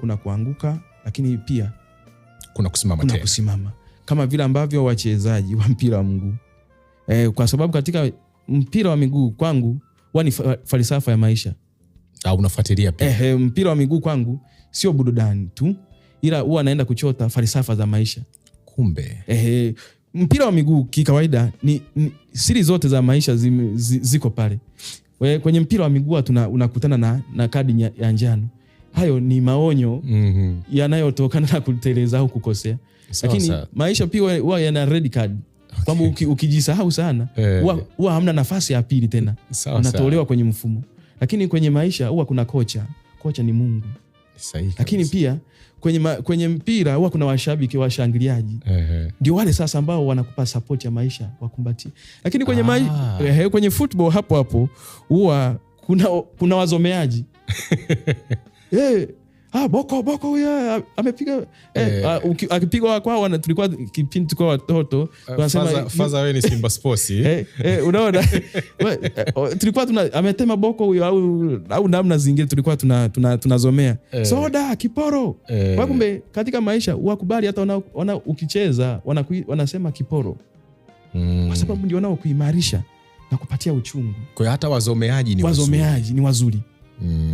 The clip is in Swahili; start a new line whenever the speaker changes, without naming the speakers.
kuna kuanguka, lakini pia kuna kusimama tena. Kuna kusimama kama vile ambavyo wachezaji wa mpira wa miguu e, eh, kwa sababu katika mpira wa miguu kwangu huwa ni falsafa ya maisha.
Au ah, unafuatilia
pia eh, mpira wa miguu kwangu sio burudani tu, ila huwa naenda kuchota falsafa za maisha. Kumbe ehe, mpira wa miguu kikawaida ni, ni siri zote za maisha zi, ziko pale kwenye mpira wa miguu. Unakutana na, na kadi ya njano hayo ni maonyo mm -hmm. yanayotokana na kuteleza au kukosea so, lakini so. maisha pia huwa yana red card okay. kwamba uki, ukijisahau sana eh. huwa eh. hamna nafasi ya pili tena so, unatolewa kwenye mfumo lakini kwenye maisha huwa kuna kocha kocha ni Mungu Saika, lakini msa. pia kwenye, ma, kwenye mpira huwa kuna washabiki washangiliaji ndio wale sasa ambao wanakupa sapoti ya maisha wakumbatie lakini kwenye, ah. ma, ehe, kwenye football hapo hapo huwa kuna, kuna wazomeaji hey, eh, ah, boko boko huyo eh, amepiga eh, eh. Ah, akipigwa kwao, tulikuwa kipindi tukiwa watoto
tunasema wewe ni Simba Sports
unaona oh, tulikuwa tuna ametema boko huyo au, au namna zingine tulikuwa tuna, tuna, tunazomea soda kiporo Kwa kumbe katika maisha wakubali hata wana, wana ukicheza wanasema kiporo mm. kwa sababu ndio kuimarisha na kupatia uchungu.
Kwa hata wazomeaji ni wazomeaji ni wazuri mm.